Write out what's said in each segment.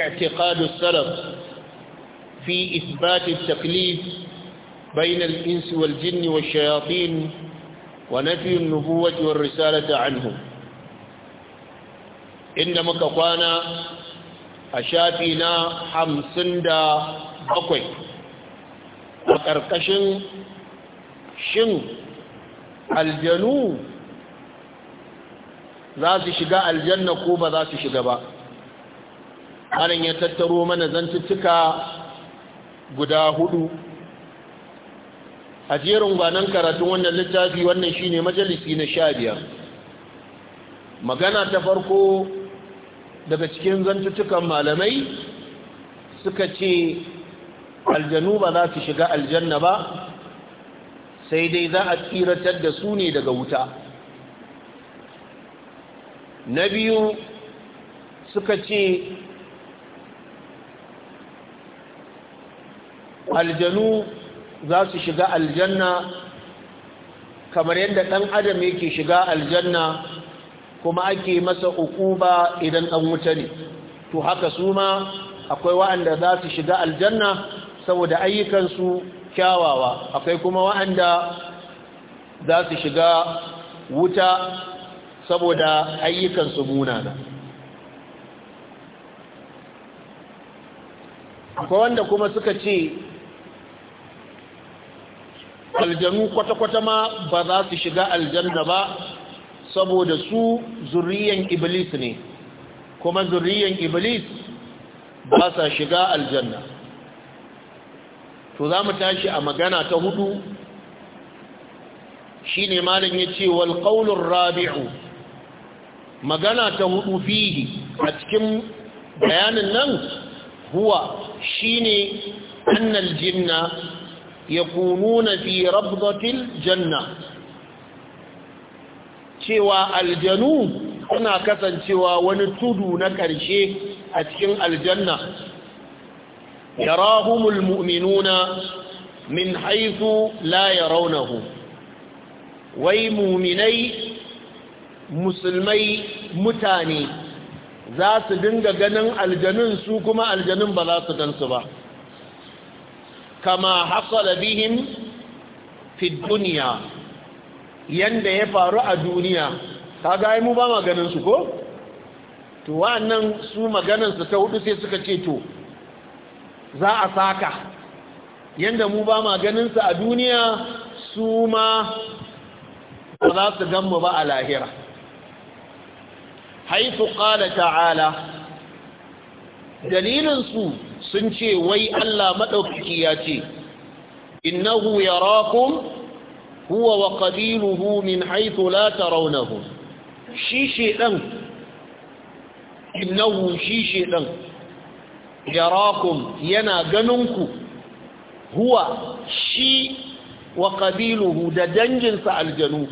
اعتقاد السلف في إثبات التكليف بين الإنس والجن والشياطين ونفي النبوة والرسالة عنهم إنما كفانا أشافينا حمسن دا بقوي وكركشن شن الجنوب ذات شقاء الجنة كوبا ذات شقاء anan ya tattaro mana zantuttuka guda hudu a jerin gwanon karatun wannan littafi wannan shine majalisi na sha biyar magana ta farko daga cikin zantuttukan malamai suka ce aljanu ba za su shiga aljanna ba sai dai za a tsiratar da su ne daga wuta na biyu suka ce aljanu za su shiga aljanna kamar yadda ɗan adam yake shiga aljanna kuma ake masa ukuba idan ɗan wuta ne to haka su ma akwai wa'anda za su shiga aljanna saboda ayyukansu kyawawa akwai kuma wa'anda za su shiga wuta saboda ayyukansu munana akwai wanda kuma suka ce aljanu kwata-kwata ma ba za su shiga aljanna ba saboda su zuriyan iblis ne kuma zuriyan iblis ba sa shiga aljanna to za mu tashi a magana ta hudu shi ne malin ya ce walƙaunin rabi'u magana ta hudu fiye a cikin bayanin nan huwa shi ne annal jinna yakununa fi rabdatil janna cewa aljanu suna kasancewa wani tudu na ƙarshe a cikin aljanna yarahumul mu'minuna min haythu la yarawnahu wai mu'minai musulmai mutane za su dinga ganin aljanun su kuma aljanun ba su gansu ba kama hasala bihim fi duniya yanda ya faru a duniya gaya mu ba maganin su ko to wannan su maganin su ta hudu sai suka ce to za a saka yanda mu ba maganin su a duniya su ma ba za su gan mu ba a lahira haifu qala ta'ala dalilinsu sun ce wai Allah maɗaukaki ya ce innahu yarakum huwa wa qabiluhu min haythu la tarawnahum shi shedan innahu shi shedan yarakum yana ganinku huwa shi wa qabiluhu da danginsa aljanu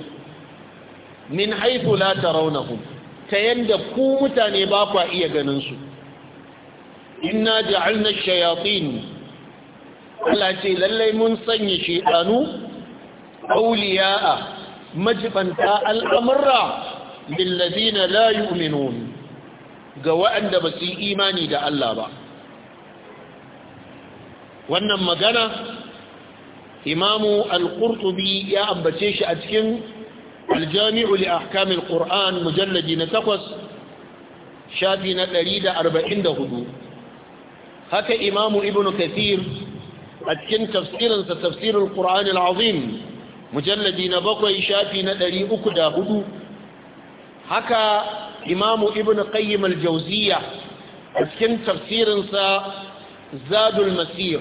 min haythu la tarawnahum ta yanda ku mutane ba kwa iya ganinsu. su inna ja'alna shayatin Allah ce lallai mun sanya shedanu awliya'a majibanta al'amurra lillazina la yu'minun ga waɗanda ba su yi imani da Allah ba wannan magana imamu al-qurtubi ya ambace shi a cikin aljami'u li ahkamil qur'an mujalladi na 8 shafi na 144 haka imamu ibn kathir a cikin tafsirinsa tafsirin ƙura'an azim mujalladi na bakwai shafi na ɗari uku da hudu haka imamu ibn qayyim al a cikin tafsirinsa zadul masir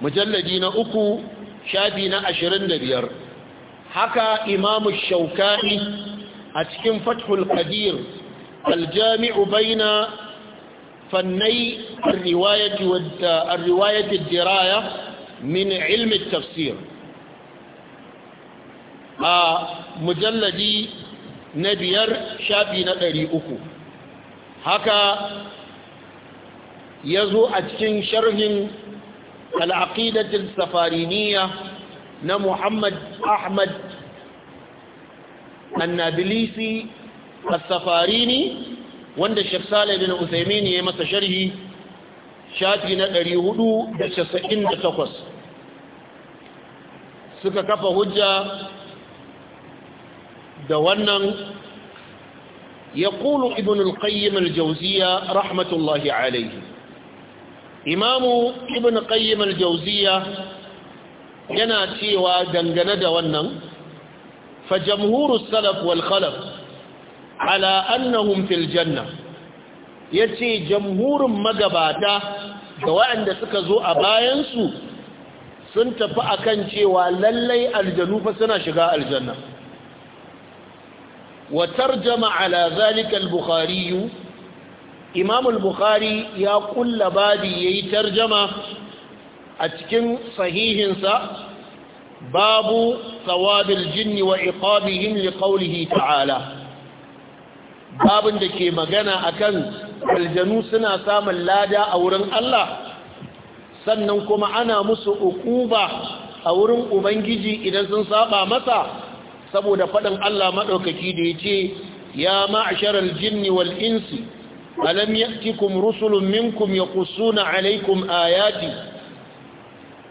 mujalladi na uku shafi na ashirin da biyar haka imamu shaukani a cikin fathul qadir aljami'u baina فني الرواية, الرواية الدراية من علم التفسير آه، مجلدي نبير شابي نقري أكو هكا يزو أتشن شرح العقيدة السفارينية نمحمد أحمد النابلسي السفاريني wanda shek sale bin usaimin ya masa sharhi shafi na ɗari 498 suka kafa hujja da wannan ya kulu ibn qayyim al-jawziya rahmatullahi alaihi imamu ibn al-qayyim al-jawziya yana cewa dangane da wannan fa jamhurus salaf wal ala annahum fil janna yace jamhurin magabata da waɗanda suka zo a bayansu sun tafi akan cewa lallai aljanu fa suna shiga aljanna wa tarjama ala zalika al-bukhari imam al-bukhari ya kulla babi yayi tarjama a cikin sahihinsa babu thawabil jinni wa iqabihim liqawlihi ta'ala babin da ke magana akan aljanu suna samun lada a wurin Allah sannan kuma ana musu ukuba a wurin ubangiji idan sun saba masa saboda faɗin Allah maɗaukaki da ya ce ya ma'asharar jinni wal insi alam yatikum rusulun minkum yaqussuna alaykum ayati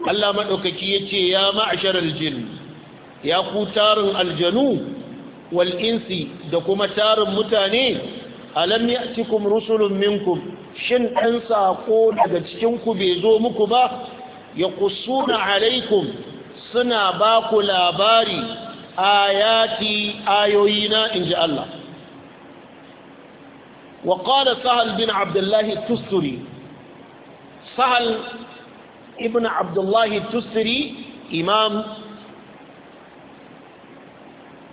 Allah maɗaukaki ya ce ya ma'asharar jin.' ya ku tarin aljanu wal'insi da kuma tarin mutane alam ya'tikum rusulun minkum shin ɗan saƙo daga cikinku bai zo muku ba ya kusuna alaikum suna ba ku labari ayati ayoyina in ji Allah wa ƙada sahal bin abdullahi tusturi sahal ibn abdullahi tusturi imam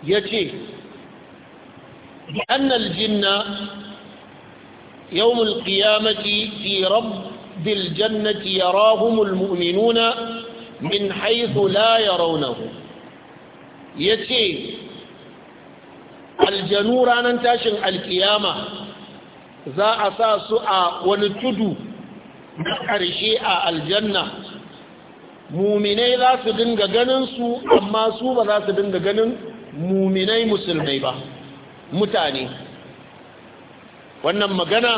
ya ce annal jinna يوم القيامة في رب الجنة يراهم المؤمنون من حيث لا يرونه يتي aljanu ranar tashin alkiyama za a sa su a wani tudu na ƙarshe a aljanna muminai za su dinga ganin su amma su ba za su dinga ganin muminai musulmai ba mutane wannan magana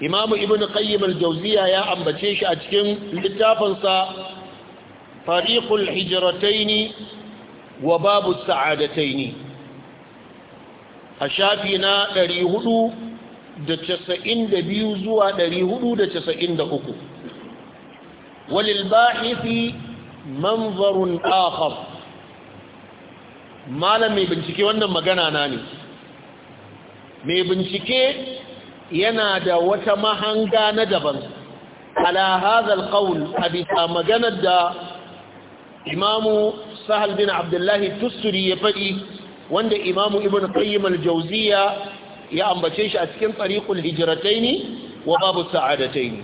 imamu ibn qayyim al-jawziya ya ambace shi a cikin littafinsa fariqul hijrataini wa babu sa'adataini a shafi na 492 zuwa 493 walil bahithi manzarun akhar malam mai bincike wannan magana na ne mai bincike yana da wata mahanga na daban ala hazal qawl maganar da imamu sahal bin abdullahi tusturi ya faɗi wanda imamu ibn qayyim Jauziya ya ambace shi a cikin tariqul hijirataini. wa babu sa'adataini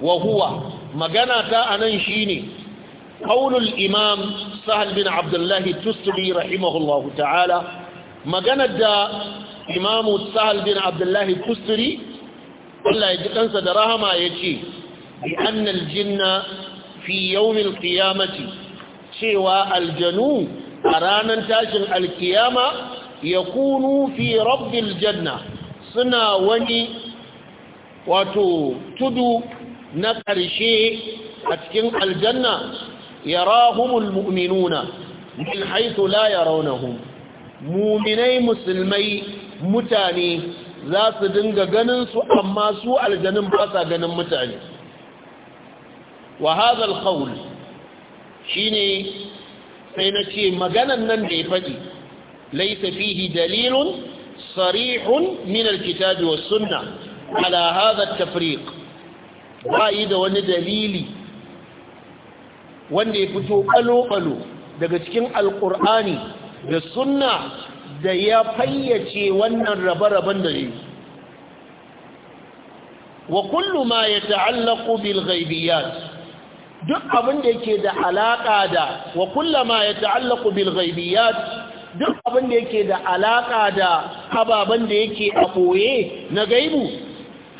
wa huwa magana ta anan shine قول الإمام سهل بن عبد الله التسري رحمه الله تعالى مجانا دا إمام سهل بن عبد الله التسري ولا يجتنس دراها ما يجي بأن الجن في يوم القيامة شوى الجنون أرانا تاشن القيامة يكونوا في رب الجنة سنا وني وتو تدو نقرشي أتكن الجنة yarahumul mu'minuna min haythu la yarawnahum mu'minai musulmai mutane za su dinga ganin su amma su aljanin basa ganin mutane wa hadha al shine sai na ce maganan nan da ya faɗi laisa dalilun sarihun min alkitabi was sunna ala hadha tafriq ba yi da wani dalili wanda ya fito ɓalo-ɓalo daga cikin alƙur'ani da sunna da ya fayyace wannan rabe-raben da yi wa kullu ma ya ta'allaku bil ghaibiyat duk abin da yake da alaƙa da wa kullu ma ya ta'allaku bil ghaibiyat duk abin da yake da alaƙa da ababen da yake a ɓoye na gaibu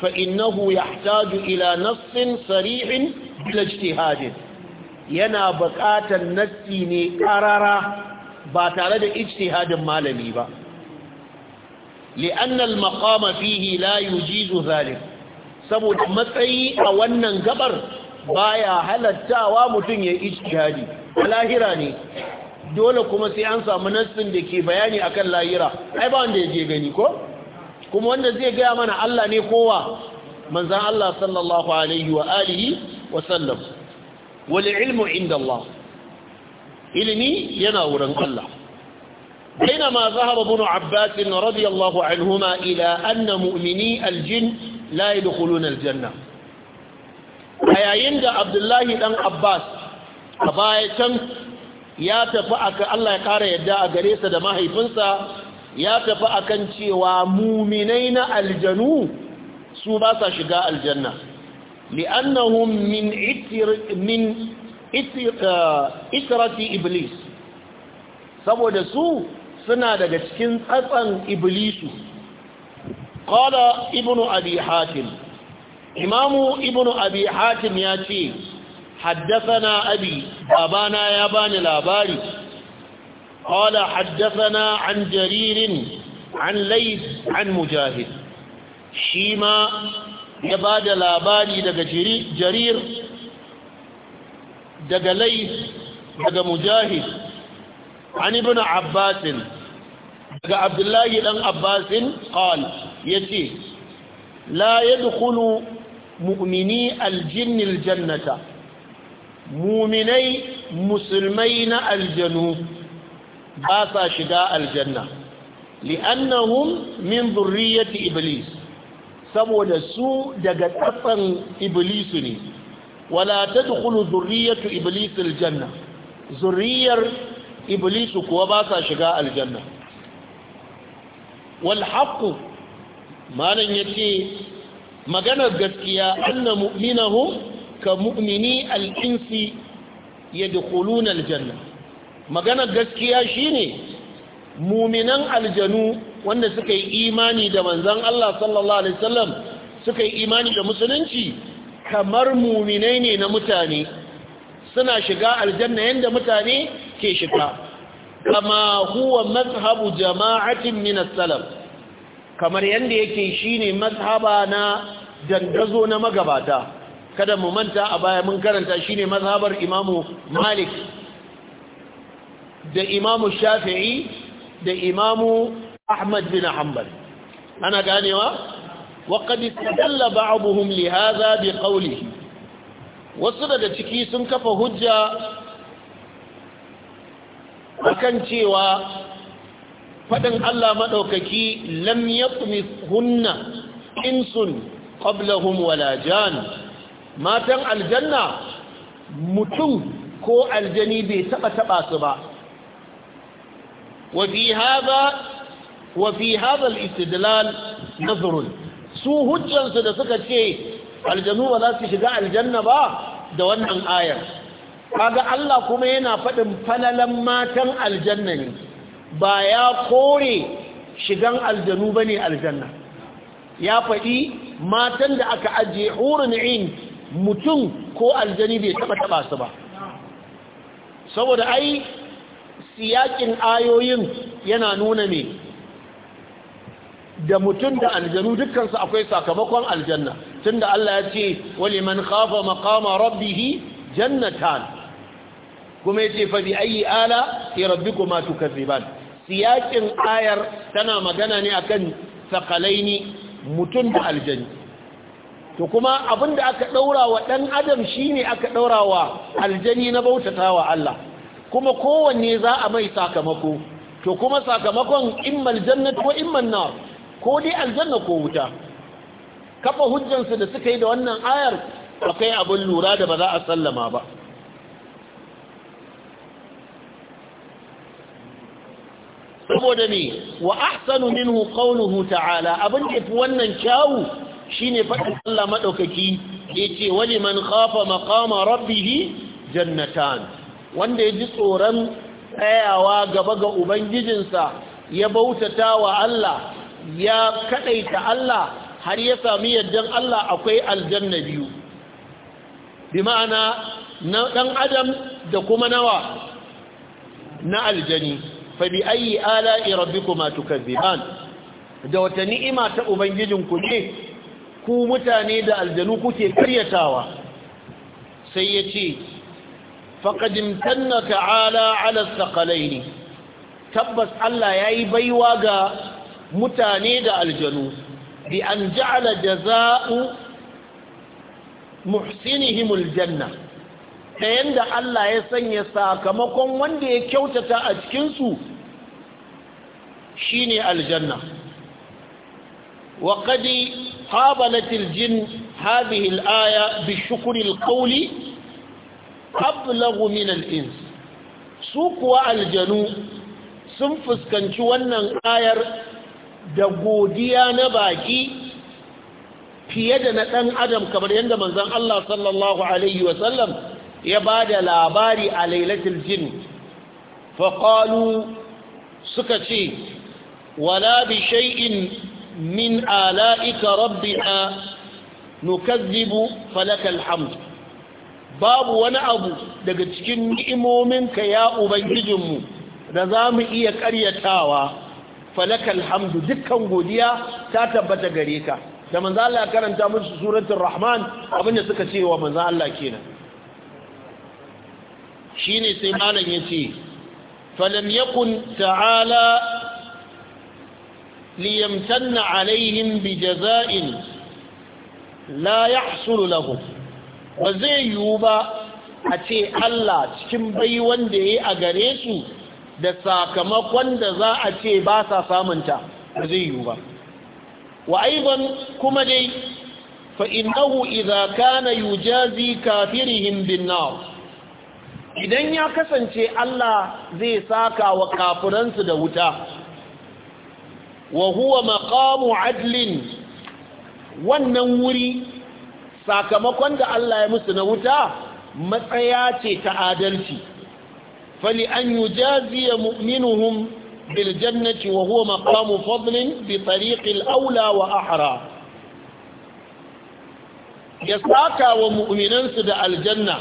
fa innahu yahtaju ila nassin sarihin bil ijtihadin yana buƙatar nassi ne ƙarara ba tare da ijtihadin malami ba li'anna al-maqama fihi la yujizu saboda matsayi a wannan gabar baya halattawa mutum ya ijtihadi lahira ne dole kuma sai an samu nassin da ke bayani akan lahira ai ba wanda ya je gani ko kuma wanda zai gaya mana Allah ne kowa manzan Allah sallallahu alaihi wa alihi wa sallam wal ilmu inda Allah ilimi yana wurin Allah بينما ma ابن عباس رضي الله عنهما إلى أن مؤمني الجن لا يدخلون الجنة da abdullahi dan abbas a bayan ya tafi aka Allah ya ƙara yadda a gare sa da mahaifinsa ya tafi a kan cewa muminai na aljanu su basa shiga aljanna لأنهم من إتر من إتر إترة إبليس سبو دسو سنة دسكين أصلا إبليس قال ابن أبي حاتم إمام ابن أبي حاتم ياتي حدثنا أبي أبانا يابان الأباري قال حدثنا عن جرير عن ليث عن مجاهد شيما ya ba da labari daga jarir daga lai daga mujahid an ibina abbasin daga abdullahi dan abbasin Ya yace la yadkhulu mu'mini aljinn jannata? mu'minai musulmai na aljanu ba sa shiga aljanna li'annahum min dhurriyyati iblis saboda su daga tsatsan iblisu ne wala tadkhulu zurriyatu iblisu aljanna iblisu kuwa ba sa shiga aljanna wal haqq ya yace maganar gaskiya anna mu'minahum ka mu'mini ya insi yadkhuluna aljanna maganar gaskiya shine mu'minan aljanu wanda suka yi imani da manzan Allah sallallahu alaihi wasallam suka yi imani da musulunci kamar muminai ne na mutane suna shiga aljanna yanda mutane ke shiga kama huwa mazhabu jama'atin min salam. kamar yadda yake shine mazhaba na dangazo na magabata kada mu manta a baya mun karanta shine mazhabar imamu Malik da imamu Shafi'i da imamu Ahmad bin Ahmad. ana ganewa wa qad istadalla ba'dhum li hadha bi qawlihi wasu daga ciki sun kafa hujja akan cewa fadin Allah maɗaukaki, lam yatmithunna insun qablahum wala jan matan aljanna mutum ko aljani bai taba taɓa su ba wa fi hadha wa fi hadha al-istidlal su hujjansu da suka ce aljanu ba za su shiga aljanna ba da wannan ayar kaga Allah kuma yana faɗin falalan matan aljanna ne ba ya kore shigan aljanu ne aljanna ya faɗi matan da aka ajiye hurin in mutum ko aljani bai taɓa taɓa su ba saboda ai siyakin ayoyin yana nuna mai da mutum da aljanu dukkansu akwai sakamakon aljanna tunda Allah ya ce wali man khafa maqama rabbih jannatan kuma yace fa bi ayi ala fi rabbikuma tukazziban siyakin ayar tana magana ne akan sakalaini mutum da aljanni. to kuma abinda aka daura wa dan adam shine aka daura wa aljani na bautatawa Allah kuma kowanne za a mai sakamako to kuma sakamakon immal jannat ko imman nar ko dai aljanna ko wuta kafa hujjansu da suka yi da wannan ayar akwai abin lura da ba za a sallama ba saboda ne wa ahsanu minhu qawluhu ta'ala abin da fi wannan kyawu shine faɗin Allah madaukaki yace wani man khafa maqama rabbih jannatan wanda yaji tsoron tsayawa gaba ga ubangijinsa ya bautata wa Allah ya kadaita Allah har ya sami yaddan Allah akwai aljanna biyu bi ma'ana na dan adam da kuma nawa na aljani fa bi ayi ala'i rabbikuma tukazziban da wata ni'ima ta ubangijinku ne ku mutane da aljanu kuke karyatawa sai yace faqad imtanna ta'ala 'ala thaqalaini tabbas Allah yayi baiwa ga mutane da aljanu bi an ja'ala jaza'u muhsinihim janna. ta yanda Allah ya sanya sakamakon wanda ya kyautata a cikin su shine aljanna wa qad qabalat aljin hadhihi alaya bi shukri alqawli ablagh min alins su kuwa aljanu sun fuskanci wannan ayar da godiya na baki fiye da na ɗan adam kamar yadda manzan Allah sallallahu Alaihi wasallam ya ba da labari a lailatul jin faƙalu suka ce wala bi shay'in min ala'ika rabbina nukazzibu falakal hamd babu wani abu daga cikin ni'imominka ya ubangijinmu da za mu iya ƙaryatawa falakal hamdu dukkan godiya ta tabbata gare ka da manzo Allah karanta musu suratul rahman abinda suka ce wa manzo Allah kenan shine sai malam yace falam yakun ta'ala liyamtanna alaihim bijaza'in la yahsul lahum ba zai yiwu ba a ce Allah cikin baiwan da yayi a gare su da sakamakon da za a ce ba sa samunta ba zai yiwu ba wa aiban kuma dai fa innahu idza kana yujazi kafirihim bin nar idan ya kasance Allah zai saka wa kafiransu da wuta wa huwa maqamu adlin wannan wuri sakamakon da Allah ya musu na wuta matsaya ce ta adalci فلأن يجازي مؤمنهم بالجنة وهو مقام فضل بطريق الأولى وأحرى يساكى ومؤمنان سدى الجنة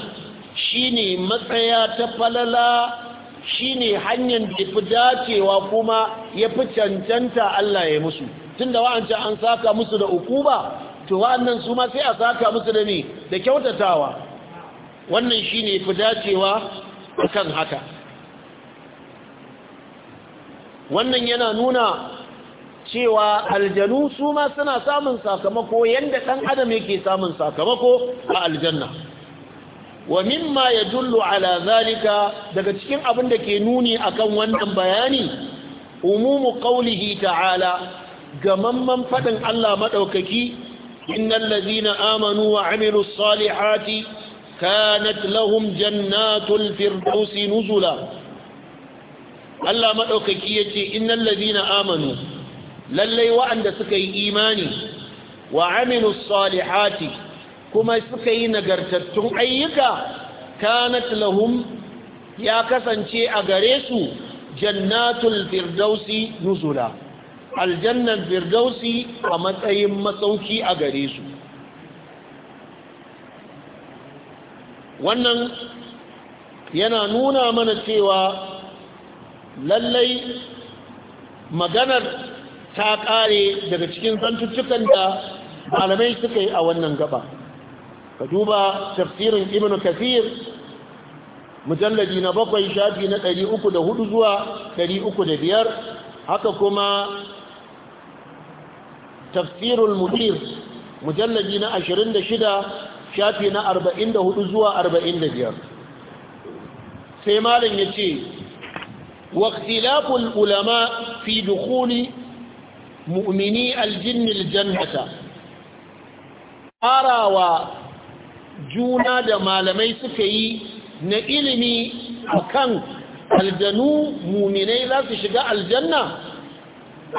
شيني مسيا تفللا shine hanyar da fi dacewa kuma ya fi cancanta Allah ya musu tunda da an saka musu da uku ba to wa'annan su ma sai a saka musu da ne da kyautatawa wannan shine fi dacewa akan haka wannan yana nuna cewa aljanu su ma suna samun sakamako yadda ɗan adam yake samun sakamako a aljanna wa mimma ya jullu ala zalika daga cikin abin da ke nuni akan wannan bayani umumu qaulihi ta'ala gamamman faɗin Allah maɗaukaki innal ladzina amanu wa amilus salihati كانت لهم جنات الفردوس نزلا Allah maɗaukaki yace ce innan lalzina amanu lallai waɗanda suka yi imani wa aminu salihati kuma suka yi nagartattun ayyuka kanat lahum ya kasance a gare su jannatul firdausi nuzula aljannan firdausi a matsayin masauki a gare su wannan yana nuna mana cewa lallai maganar ta ƙare daga cikin santuttukan da malamai suka yi a wannan gaba ka duba tafsirin ibn kafir mujallabi na bakwai shafi na ɗari uku da hudu zuwa ɗari uku da biyar haka kuma tafsirul mudir mujallabi na ashirin da shida shafi na 44 zuwa 45 sai malam ya ce waktilaful ulama fi dukuli mu'mini aljinnil jannata ƙarawa juna da malamai suka yi na ilimi a kan aljanu muminai za su shiga aljanna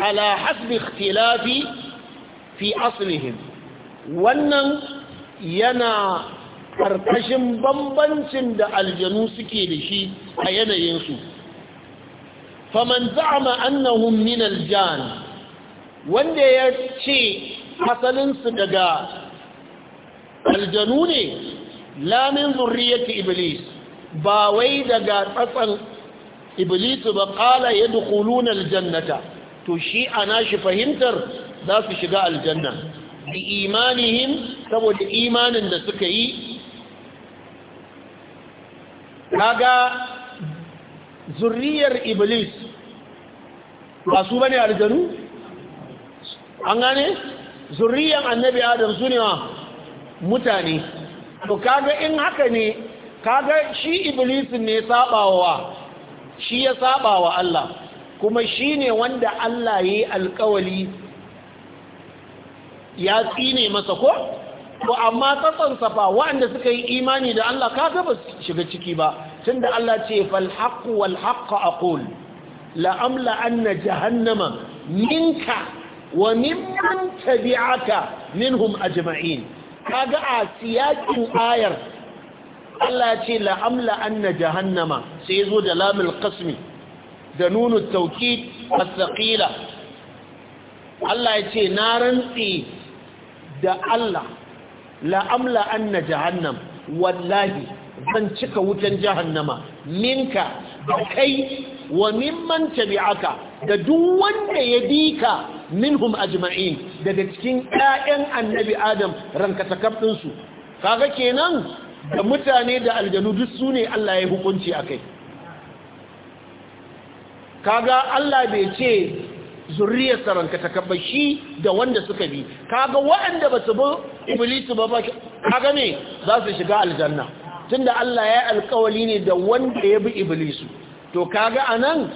ala hasbi ikhtilafi fi aslihim wannan yana ƙarƙashin bambancin da aljanu suke da shi a yanayinsu faman za'ama annahum min aljan wanda ya ce asalinsu daga aljanu ne lamin zurriyati iblis ba wai daga tsatsan iblis ba kala yadkhuluna aljannata to shi ana shi fahimtar za su shiga aljanna bi imanihim saboda imanin da suka yi kaga zuriyar iblis ba su bane aljanu an gane Zuriyar annabi adam su ne wa mutane to kaga in haka ne kaga shi iblis ne sabawa shi ya sabawa Allah kuma shi ne wanda Allah ya yi alkawali ya tsine masa ko Ko amma tsatsansa fa waɗanda suka yi imani da Allah ka ga ba shiga ciki ba tunda Allah ce fal haqqu wal haqqu aqul la amla anna jahannama minka wa mimman tabi'aka minhum ajma'in kaga a siyakin ayar Allah ce la amla anna jahannama sai zo da lamul qasmi da nunu tawkid as-saqila Allah ya ce na rantsi da Allah la'amla an na jahannam wallahi zan cika wutan jahannama minka da kai wa mimman tabi'aka da duk wanda ya dika minhum ajma'in daga cikin ƴaƴan annabi adam ranka takabdin kaga kenan da mutane da aljanu duk su ne Allah ya hukunci akai kaga Allah bai ce zurriyar saranka ta kabba shi da wanda suka bi kaga waɗanda ba su bi iblisu ba kaga me za su shiga aljanna tunda Allah ya alkawali ne da wanda ya bi iblisu to kaga anan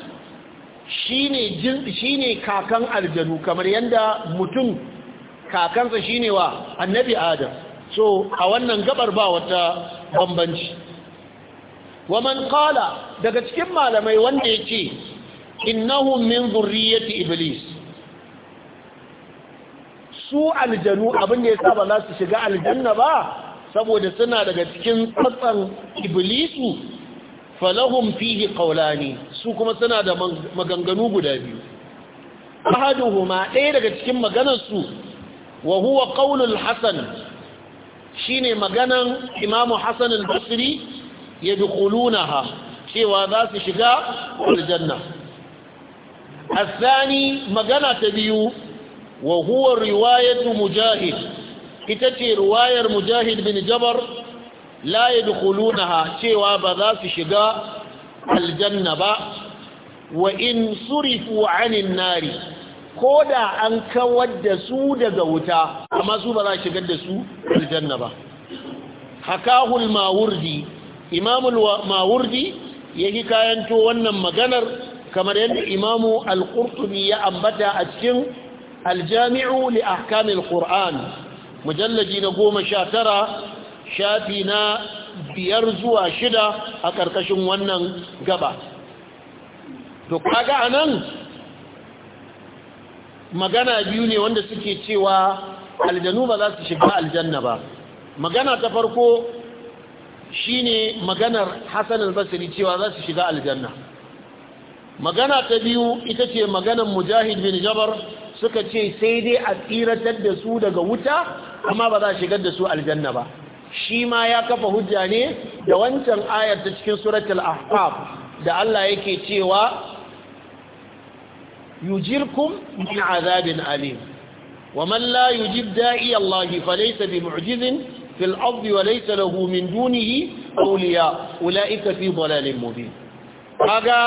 shine jin shine kakan aljanu kamar yanda mutum kakansa shine wa annabi adam so a wannan gabar ba wata bambanci wa man qala daga cikin malamai wanda yake innahum min zurriyyati iblis su aljanu abin da yasa ba za su shiga aljanna ba saboda suna daga cikin tsatsan iblisu falahum fihi qawlani su kuma suna da maganganu guda biyu ahaduhuma ɗaya daga cikin maganar su wa huwa qawlul hasan shine maganan imamu hasan al-basri yadkhulunaha cewa za su shiga aljanna الثاني مغانا تبيو وهو رواية مجاهد كتتي رواية مجاهد بن جبر لا يدخلونها سوى بذات شقاء الجنة با وإن صرفوا عن النار كودا أنك ود سودة قوتا أما سوى بذات شقاء الجنة با حكاه الماوردي إمام الماوردي يجي كاينتو ونم مغانر kamar yadda imamu al-qurtubi ya ambata a cikin aljami'u jamiu li ahkamil qur'an mujallaji na goma sha tara shafi na biyar zuwa shida a ƙarƙashin wannan gaba to kaga nan magana biyu ne wanda suke cewa aljanu ba za su shiga aljanna ba magana ta farko shine maganar hasanin al cewa za su shiga aljanna magana ta biyu ita ce maganan mujahid bin jabar suka ce sai dai a tsiratar da su daga wuta amma ba za a shigar da su aljanna ba shi ma ya kafa hujja ne da wancan ayar ta cikin suratul ahqaf da Allah yake cewa yujirkum min azabin alim ومن لا يجب bi الله فليس بمعجز في الأرض وليس له من دونه أولياء أولئك في ضلال مبين kaga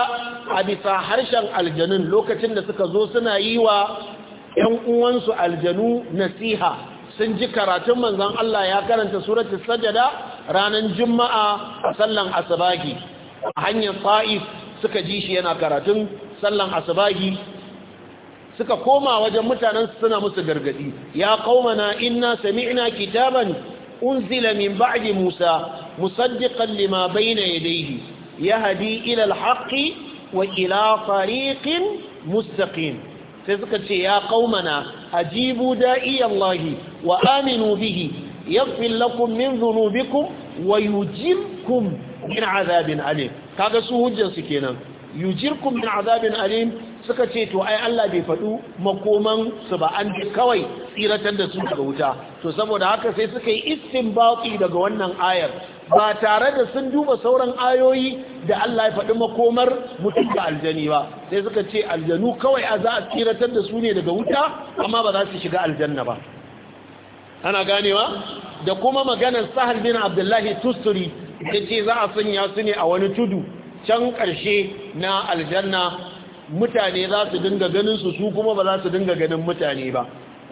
a bisa harshen aljanun lokacin da suka zo suna yi wa 'yan uwansu aljanu nasiha sun ji karatun manzan Allah ya karanta suratul sajada ranar juma'a a sallan asabagi a hanyar Fa'if suka ji shi yana karatun sallan asabagi suka koma wajen mutanen suna musu gargadi ya qaumana inna sami'na kitaban unzila min ba'di musa musaddiqan lima bayna yadayhi ya ila ilal haqqi wa ila fariƙin mustaqim sai suka ce ya qaumana ajibu da'i Allah wa aminu bihi yaghfir lakum min dhunubikum wa yujirkum min azabin alim kaga su hujjar su kenan yujirkum min azabin alim suka ce to ai Allah bai faɗu makoman su ba an kawai tsiratar da su daga wuta to saboda haka sai suka yi istinbati daga wannan ayar ba tare da sun duba sauran ayoyi da Allah ya faɗi makomar mutum da aljani ba sai suka ce aljanu kawai a za a tsiratar da su ne daga wuta amma ba za su shiga aljanna ba ana ganewa da kuma maganar sahal bin abdullahi tusturi da ce za a sanya su ne a wani tudu can ƙarshe na aljanna mutane za su dinga ganin su su kuma ba za su dinga ganin mutane ba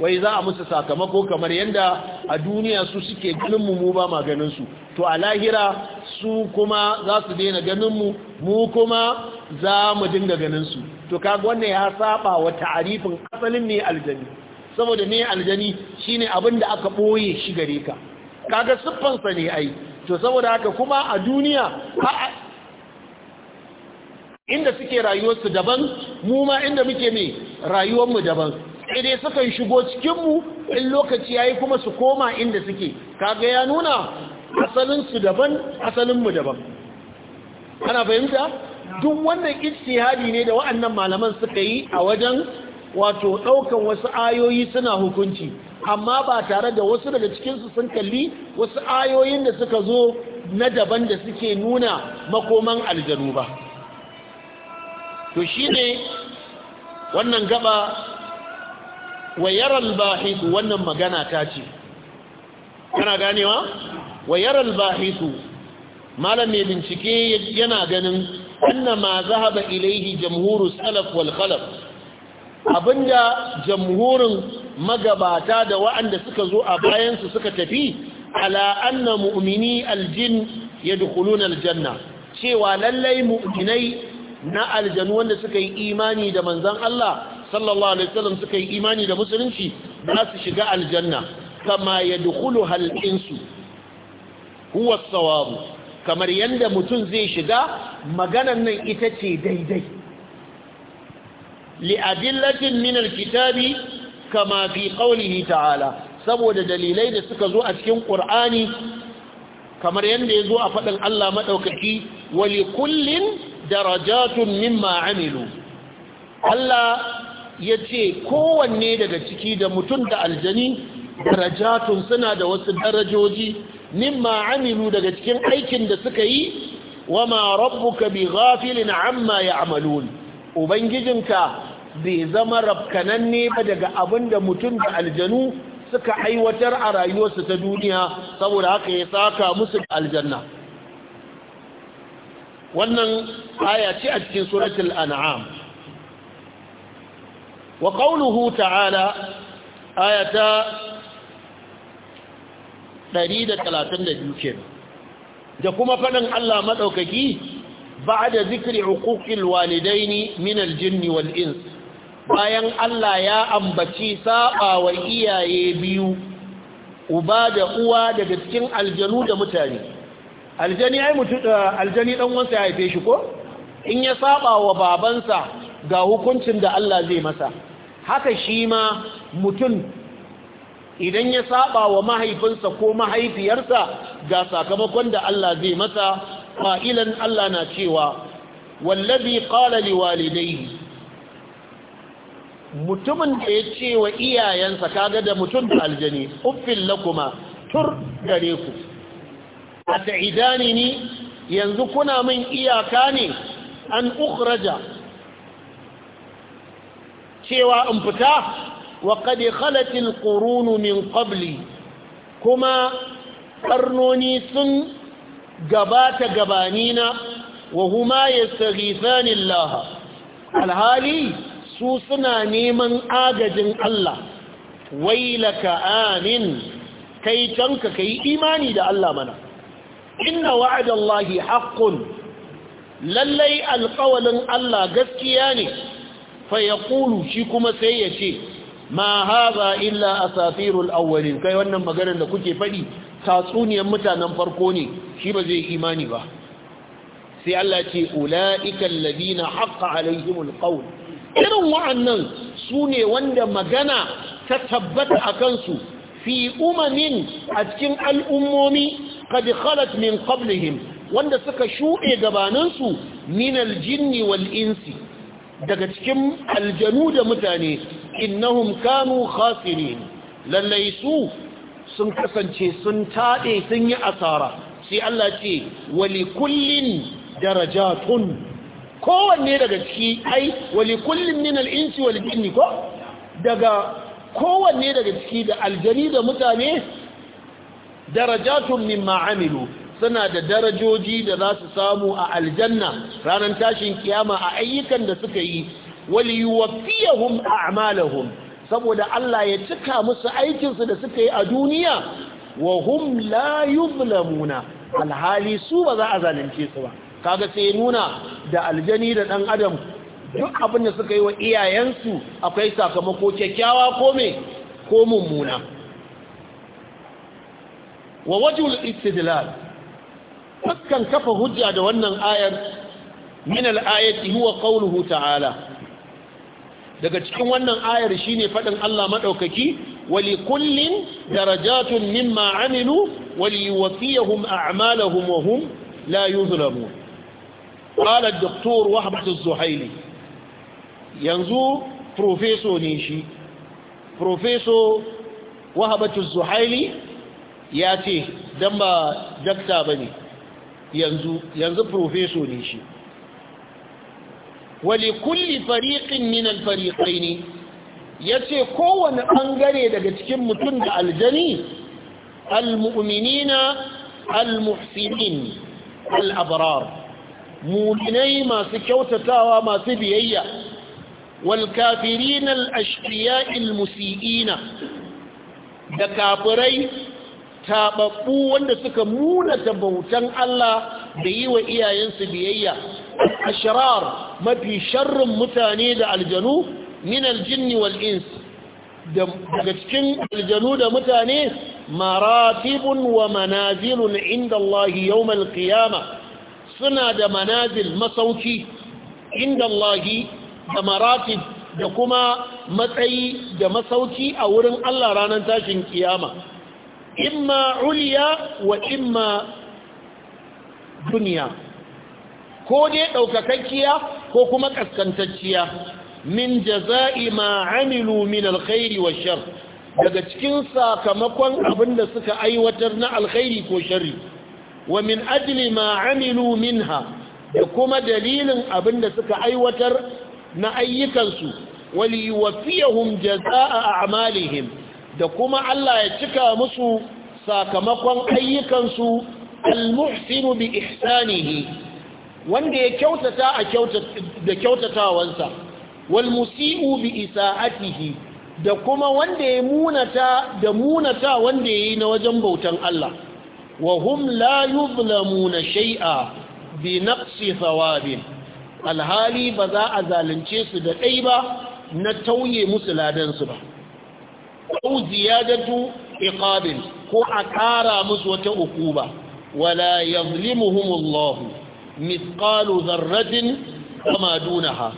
wai za a musu sakamako kamar yadda a duniya su suke ganin mu mu ba ma ganin su to a lahira su kuma za su daina ganin mu mu kuma za mu dinga ganin su to kaga wannan ya saba wa ta'arifin asalin ne aljani saboda ne aljani shine abin da aka boye shi gare ka kaga siffansa ne ai to saboda haka kuma a duniya inda suke rayuwarsu daban mu ma inda muke rayuwar mu daban idai sukan shigo cikinmu in lokaci ya kuma su koma inda suke kaga ya nuna asalinsu daban asalinmu daban ana fahimta duk wannan istihadi ne da wa'annan malaman suka yi a wajen wato ɗaukan wasu ayoyi suna hukunci amma ba tare da wasu daga cikinsu sun kalli wasu ayoyin da suka zo na daban da suke nuna makoman aljanu ba to shine wannan gaba wa yaral wannan magana ta ce kana ganewa wa yaral malam mai bincike yana ganin anna ma zahaba ilaihi jamhuru salaf wal khalaf abinda jamhurin magabata da wa'anda suka zo a bayansu suka tafi ala anna mu'mini aljin yadkhuluna aljanna cewa lallai mu'minai na aljanu wanda suka yi imani da manzan Allah sallallahu alaihi wasallam suka yi imani da musulunci za su shiga aljanna kama yadkhulu hal insu huwa as kamar yadda mutum zai shiga maganan nan ita ce daidai li adillatin min kitabi kama fi qawlihi ta'ala saboda dalilai da suka zo a cikin ƙur'ani kamar yadda ya zo a faɗin Allah maɗaukaci wali kullin darajatun mimma amilu Allah ya ce kowanne daga ciki da mutum da aljani darajatun suna da wasu darajoji mimma amilu daga cikin aikin da suka yi wa ma rabbuka bi ghafilin amma ya'malun ubangijinka bai zama rabkananne ba daga abin da mutum da aljanu suka aiwatar a rayuwarsu ta duniya saboda haka ya saka musu aljanna wannan aya ce a cikin suratul an'am wa qawluhu ta'ala ayata 132 kenan da kuma faɗin Allah maɗaukaki ba da zikri hukukil walidaini min aljinni wal ins bayan Allah ya ambaci saba wa iyaye biyu uba da uwa daga cikin aljanu da mutane aljani ai mutu eh, aljani dan wansa ya haife shi ko in ya saba wa babansa ga hukuncin da Allah zai masa haka shi ma mutun idan ya saba wa mahaifinsa ko mahaifiyarsa ga sakamakon da Allah zai masa fa'ilan Allah na cewa wallazi qala liwalidayhi mutumin da ya ce wa iyayensa kaga da mutum da aljani uffin lakuma tur gare ku a ta'idani ni yanzu kuna min iyaka ne an ukhraja cewa in fita wa qad khalat al min ƙabli kuma ƙarnoni sun gabata gabanina wa huma yastaghifani laha. alhali su suna neman agajin Allah wailaka amin kai canka yi imani da Allah mana inna wa'adallahi haqqun lallai alƙawalin Allah gaskiya ne fa ƙulu shi kuma sai ya ce ma hadha illa safirul awwalin kai wannan maganar da kuke faɗi tatsuniyar mutanen farko ne shi ba zai imani ba sai Allah ce ula'ikan alladhina haqqa alaihimul qawl irin wa'annan sune wanda magana ta tabbata a kansu fi umamin a cikin al'ummomi qad khalat min qablihim wanda suka shuɗe gabaninsu min aljinni wal daga cikin aljanu da mutane innahum kanu khasirin lallai su sun kasance sun taɗe sun yi asara sai Allah ce wali kullin darajatun kowanne daga ciki ai wali kullin min al-insi wal jinni ko daga kowanne daga ciki da aljani da mutane darajatun mimma amilu suna da darajoji da za su samu a aljanna ranar tashin kiyama a ayyukan da suka yi wali yuwaffiyahum a'malahum saboda Allah ya cika musu aikinsu da suka yi a duniya wa hum la yuzlamuna alhali su ba za a zalunce su ba kaga sai nuna da aljani da dan adam duk abin da suka yi wa iyayensu akwai sakamako kyakkyawa ko me ko mummuna wa wajhul istidlal fakkan kafa hujja da wannan ayar min al-ayati huwa qawluhu ta'ala daga cikin wannan ayar shine fadin Allah madaukaki wali kullin darajatun mimma amilu wali yuwaffihum a'malahum wa hum la yuzlamun qala ad-doktor wahbat az-zuhaili yanzu professor ne shi professor wahbat az-zuhaili ya ce don ba dakta ba ne yanzu yanzu profeso ne shi wali kulli fariƙin min fariƙai ne ya ce kowane ɓangare daga cikin mutum da aljani almu'minina almuhsinin al'abrar muminai masu kyautatawa masu biyayya والكافرين الأشقياء musi'ina da kafirai taɓaɓɓu wanda suka munata bautan Allah da yi wa iyayensu biyayya ashirar mafi sharrin mutane da aljanu min aljinni wal daga cikin aljanu da mutane maratibun wa manazilun inda Allah yau Malkiyama, suna da manazil masauki inda Allah da maratib da kuma matsayi da masauki a wurin Allah ranar tashin kiyama imma uliya wa imma duniya ko dai ɗaukakakkiya ko kuma ƙaskantacciya min jaza'i ma amilu min alkhairi wa daga cikin sakamakon abin da suka aiwatar na alkhairi ko sharri wa min ajli ma amilu minha da kuma dalilin abin da suka aiwatar na ayyukansu wali yuwaffiyahum jaza'a a'malihim da kuma Allah ya cika musu sakamakon ayyukansu almusinu muhsinu bi ihsanihi wanda ya kyautata a da kyautatawansa wal musiu bi isaatihi da kuma wanda ya munata da munata wanda yayi na wajen bautan Allah wa hum la yuzlamuna shay'a bi naqsi thawabin alhali ba za a zalunce su da ɗai ba na tauye musu ladansu ba ko ziyadatu iqabin ko a ƙara musu wata hukuma wala yazlimuhumullahu mithqalu dharratin kama dunaha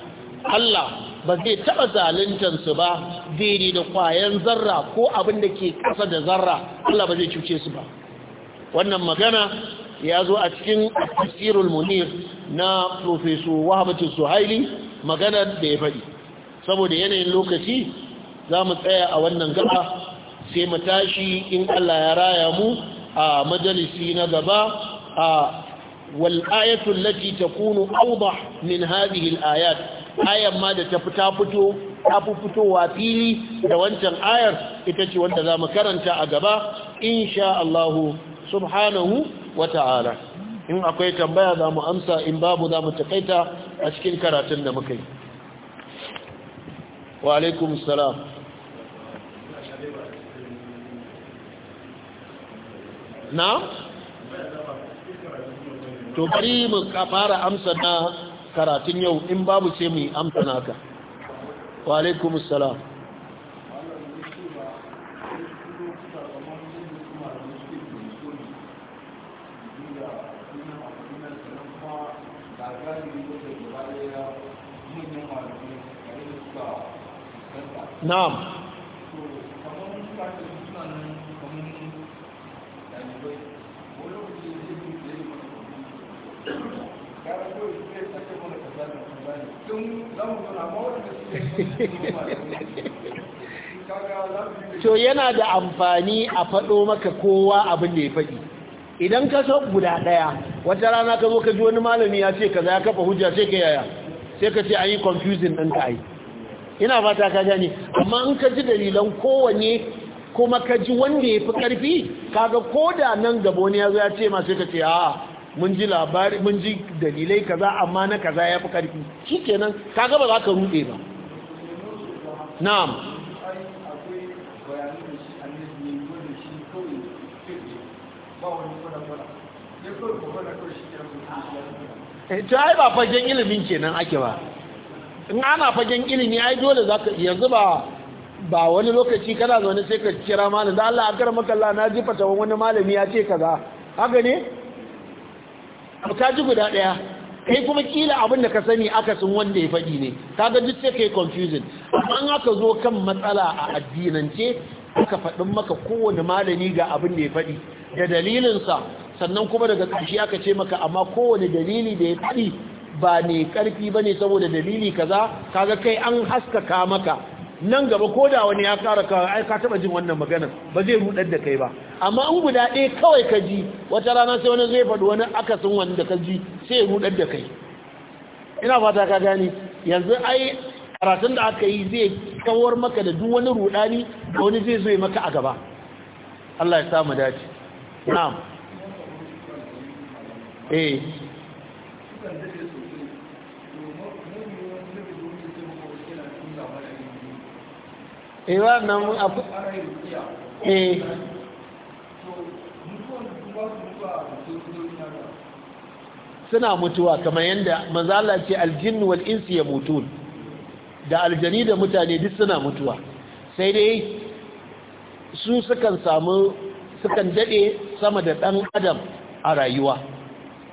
Allah ba zai taɓa zaluntar su ba daidai da kwayan zarra ko abin da ke ƙasa da zarra Allah ba zai cuce su ba wannan magana ya zo a cikin tafsirul munir na professor wahabatu suhaili magana da ya faɗi saboda yanayin lokaci za mu tsaya a wannan gaba sai mu tashi in Allah ya raya mu a majalisi na gaba a wal'ayatu lati kunu auba min hadhihi ayat ayan ma da ta fita fito ta fitowa fili da wancan ayar ita ce wanda za mu karanta a gaba insha Allah subhanahu wa ta'ala in akwai tambaya za mu amsa in babu za mu takaita a cikin karatun da muka yi wa alaikum salam na? to bari mu fara amsa na karatun yau in babu sai mu amsa naka wa alaikumussalam Na'am. to yana da amfani a faɗo maka kowa abin da ya faɗi idan ka so guda ɗaya wata rana ka zo ka ji wani malami ya ce ka za ya kafa hujja sai ka yaya sai ka ce an yi confusing ɗin ka yi ina fata ka gani. amma in ka ji dalilan kowanne kuma ka ji wanda ya fi ƙarfi kaga ko da nan gaba wani ya zo ya ce ma sai ka ce aa. mun ji labari mun ji dalilai kaza amma na kaza ya fi karfi kenan ka gaba za ka rute ba na'am eh, ta yi ba fagen ilimin kenan ake ba in ana fagen ilimi ai dole za ka yanzu ba ba wani lokaci kana zaune sai ka kira malin da Allah a karamakalla na jifata wani malami ya ce ka za haka ne to ka ji guda ɗaya kai kuma kila abin da ka sani akasin wanda ya faɗi ne ka ga duk sai kai confusion. amma an aka zo kan matsala a addinance aka faɗin maka kowane malami ga abin da ya faɗi da dalilinsa sannan kuma daga ƙarshe aka ce maka amma kowane dalili da ya faɗi ba ne ƙarfi ba ne saboda dalili kaza kaga kai an haskaka maka nan gaba ko da wani ya kara kawai ai ka taba jin wannan maganar ba zai rudar da kai ba amma in guda ɗaya kawai ka ji wata rana sai wani zai faɗi wani akasin da ka ji sai rudar da kai ina fata ka gani yanzu ai karatun da aka yi zai kawar maka da duk wani rudani da wani zai zo maka a gaba Allah ya samu dace na'am eh ìwà eh, wannan eh. suna mutuwa kamar yadda manzala ce aljin wal ya mutu da aljani da mutane duk suna mutuwa sai dai su sukan samu sukan dade sama da ɗan adam a rayuwa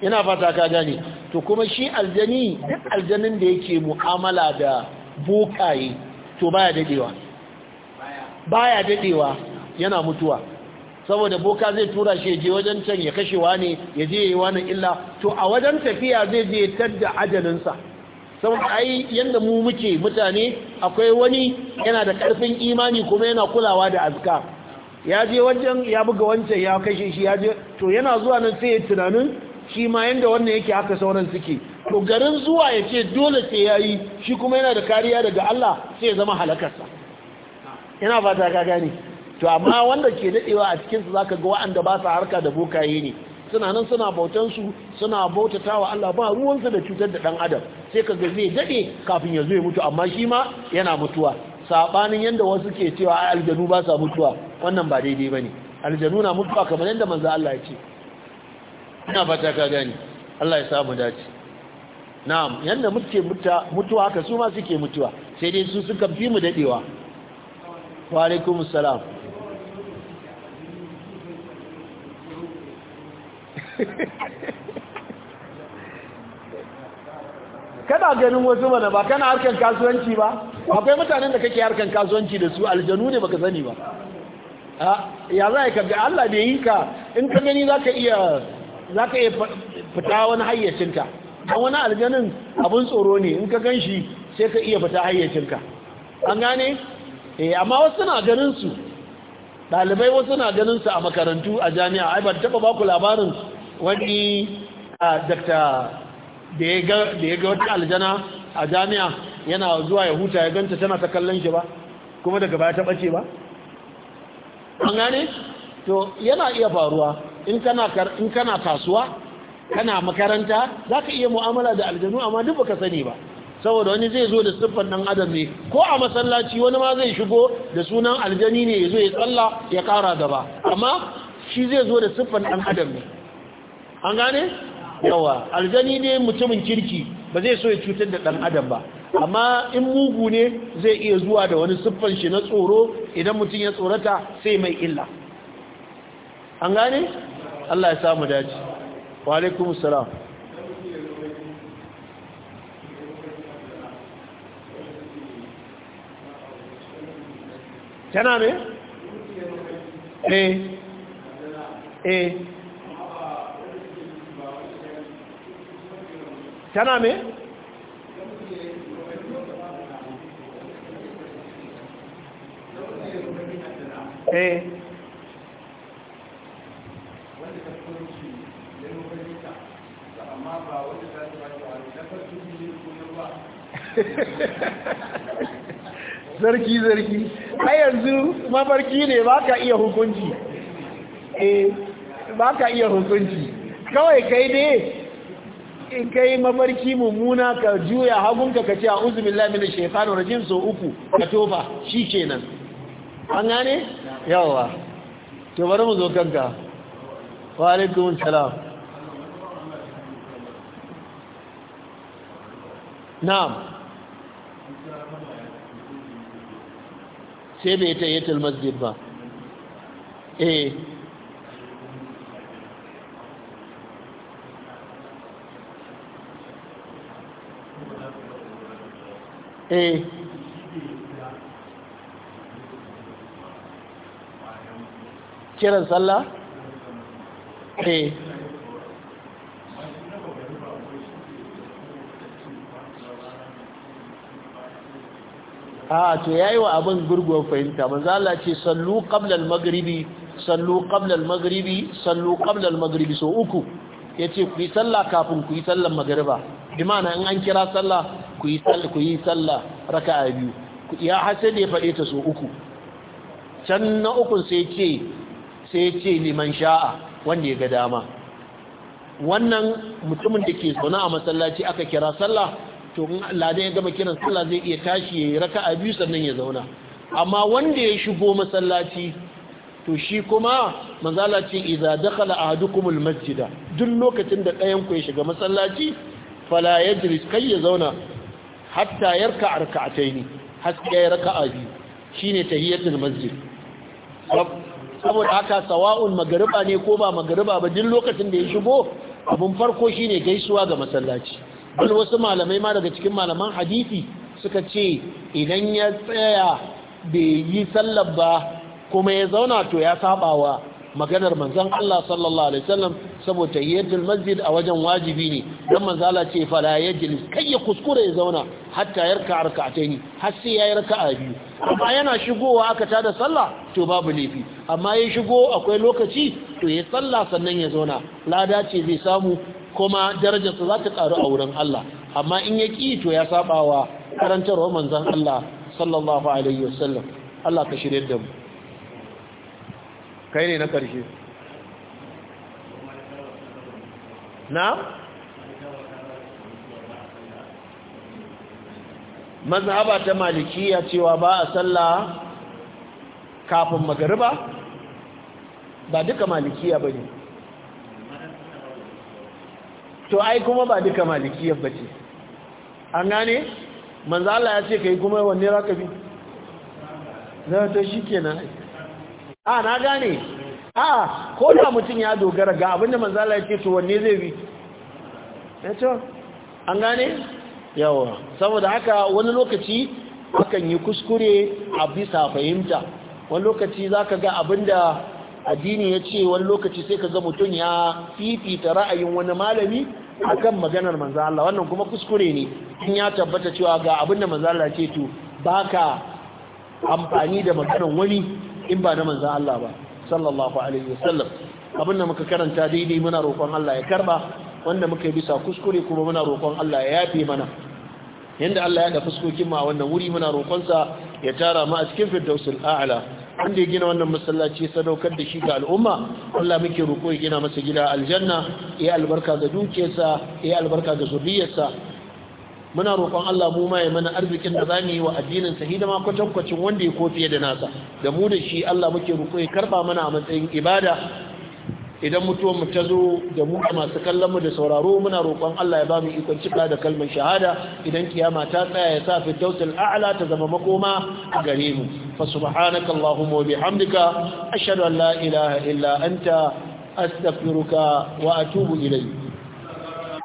ina fata ka gane to kuma shi aljani duk aljanin da yake mu'amala da bokaye to baya daɗewa. baya dadewa yana mutuwa saboda boka zai tura shi je wajen can ya kashe wani ya je yi wani illa to a wajen tafiya zai je tadda ajalinsa saboda ai yanda mu muke mutane akwai wani yana da karfin imani kuma yana kulawa da azka ya je wajen ya buga wancan ya kashe shi ya je to yana zuwa nan sai ya tunanin shi ma yanda wannan yake haka sauran suke to garin zuwa ya ce dole sai ya yi shi kuma yana da kariya daga Allah sai ya zama halakarsa ina ba ta ka gane to amma wanda ke dadewa a cikinsu za zaka ga wa'anda ba sa harka da bokaye ne suna nan suna bautansu suna bautatawa Allah ba ruwansu da cutar da ɗan adam sai ka ga zai dade kafin ya zo ya mutu amma shi ma yana mutuwa Sabanin yadda wasu ke cewa aljanu ba sa mutuwa wannan ba daidai ba ne aljanu na mutuwa kamar yanda manzo Allah ya ce ina ta ka ne Allah ya samu dace na'am yanda muke mutuwa haka su ma suke mutuwa sai dai su suka fi mu dadewa. wa alaikum salam kana ganin wasu mana ba kana harkar kasuwanci ba akwai mutanen da kake harkar kasuwanci da su aljanu ne baka sani ba ya za a yi ga Allah bai yi ka in ka gani za ka iya za ka iya fita wani hayyacinka an wani aljanin abin tsoro ne in ka gan shi sai ka iya fita hayyacinka an gane eh amma wasu na ganin su dalibai wasu na ganin su a makarantu a jami'a ai ban taba ku labarin wani dakta da ya ga da ya ga wata aljana a jami'a yana zuwa ya huta ya ganta tana ta kallon shi ba kuma daga baya ta bace ba an gane to yana iya faruwa in kana in kana kasuwa kana makaranta zaka iya mu'amala da aljanu amma duk baka sani ba saboda wani zai zo da siffar dan adam ne ko a masallaci wani ma zai shigo da sunan aljani ne ya zo ya tsalla ya kara gaba amma shi zai zo da siffar dan adam ne an gane yawa aljani ne mutumin kirki ba zai so ya cutar da dan adam ba amma in mugu ne zai iya zuwa da wani siffar shi na tsoro idan mutum ya tsorata sai mai illa an gane Allah ya samu dace wa alaikumus salam tana ne? eh eh tana ne? eh Ha, ha, ha, ha. zarki zarki a yanzu mafarki ne ba ka iya hukunci eh ba ka iya hukunci kawai kai ne in kai mafarki mummuna ka juya hagunka ka ce a uzumin lamina shekaru rajin so uku ka tofa shi kenan an gane? yawa to bari mu zo kanka wa alaikun salam na'am sai bai ta yatul masjid ba eh eh kiran sallah eh A'a to yayi wa abin gurguwar fahimta manzo Allah ce sallu qabla al-maghribi sallu qabla al-maghribi sallu qabla al-maghribi so uku yace ku yi sallah kafin ku yi sallar magriba bi ma'ana in an kira sallah ku yi sallah ku yi sallah raka'a biyu ya hasse da ya fade ta so uku can na uku sai ce sai ce liman sha'a wanda ya ga dama wannan mutumin da ke zaune a masallaci aka kira sallah to ladan ya gama kiran sallah zai iya tashi ya yi raka'a biyu sannan ya zauna amma wanda ya shigo masallaci to shi kuma manzala ce idza dakhala ahadukumul masjida duk lokacin da ɗayan ku ya shiga masallaci fala yajlis kai ya zauna hatta yarka arka'ataini haske ya raka'a biyu shine tahiyatul masjid saboda haka sawa'un magariba ne ko ba magariba ba duk lokacin da ya shigo abun farko shine gaisuwa ga masallaci bal wasu malamai ma daga cikin malaman hadisi suka ce idan ya tsaya bai yi sallar ba kuma ya zauna to ya wa maganar manzon Allah sallallahu alaihi wasallam saboda tahiyatul masjid a wajen wajibi ne dan manzo Allah ce ya yajlis kai ya kuskure ya zauna hatta yarka arka'ataini har sai ya yayi a biyu amma yana shigowa aka tada sallah to babu laifi amma ya shigo akwai lokaci to ya sallah sannan ya zauna lada ce zai samu kuma darajarsa za ta ƙaru a wurin Allah amma in ya ƙi to ya saba wa karantarwa manzan Allah sallallahu alaihi wasallam Allah ka shirye da mu kai ne na ƙarshe na mazhaba ta ya cewa ba a sallah kafin magariba ba duka malikiya bane to ai kuma ba duka malikiyar ce an gane manzo Allah ya ce ka yi kuma wanne na bi na ke na. a na gane a ko da mutum ya dogara ga abinda manzo Allah ya ce to wanne zai bi Ya ce an gane yawa saboda haka wani lokaci akan yi kuskure a bisa fahimta wani lokaci za ka ga abinda addini ya ce wani lokaci sai ka ga mutum ya fifita ra'ayin wani malami akan maganar manzo Allah wannan kuma kuskure ne in ya tabbata cewa ga abin da manzo Allah ce to baka amfani da maganar wani in ba na manzo Allah ba sallallahu alaihi wasallam abin da muka karanta daidai muna roƙon Allah ya karba wanda muka yi bisa kuskure kuma muna roƙon Allah ya yafe mana yanda Allah ya da fuskokin mu a wannan wuri muna roƙonsa ya tara mu a cikin firdausul a'la wanda ya gina wannan masallaci sadaukar da shi ga al'umma Allah muke roƙo ya gina masa gida aljanna ya albarka ga dukiyarsa ya albarka ga zuriyarsa muna roƙon Allah mu ma ya mana arzikin da zamu yi wa addinin sa hidima kwatankwacin wanda ya kofiye da nasa da mu da shi Allah muke roƙo ya karba mana a matsayin ibada idan mutuwar mu ta zo da mu masu kallon mu da sauraro muna roƙon Allah ya ba mu ikon cika da kalmar shahada idan kiyama ta tsaya ya sa firdausul a'la ta zama makoma a gare mu fa subhanaka allahumma wa bihamdika ashhadu an la ilaha illa anta astaghfiruka wa atubu ilayk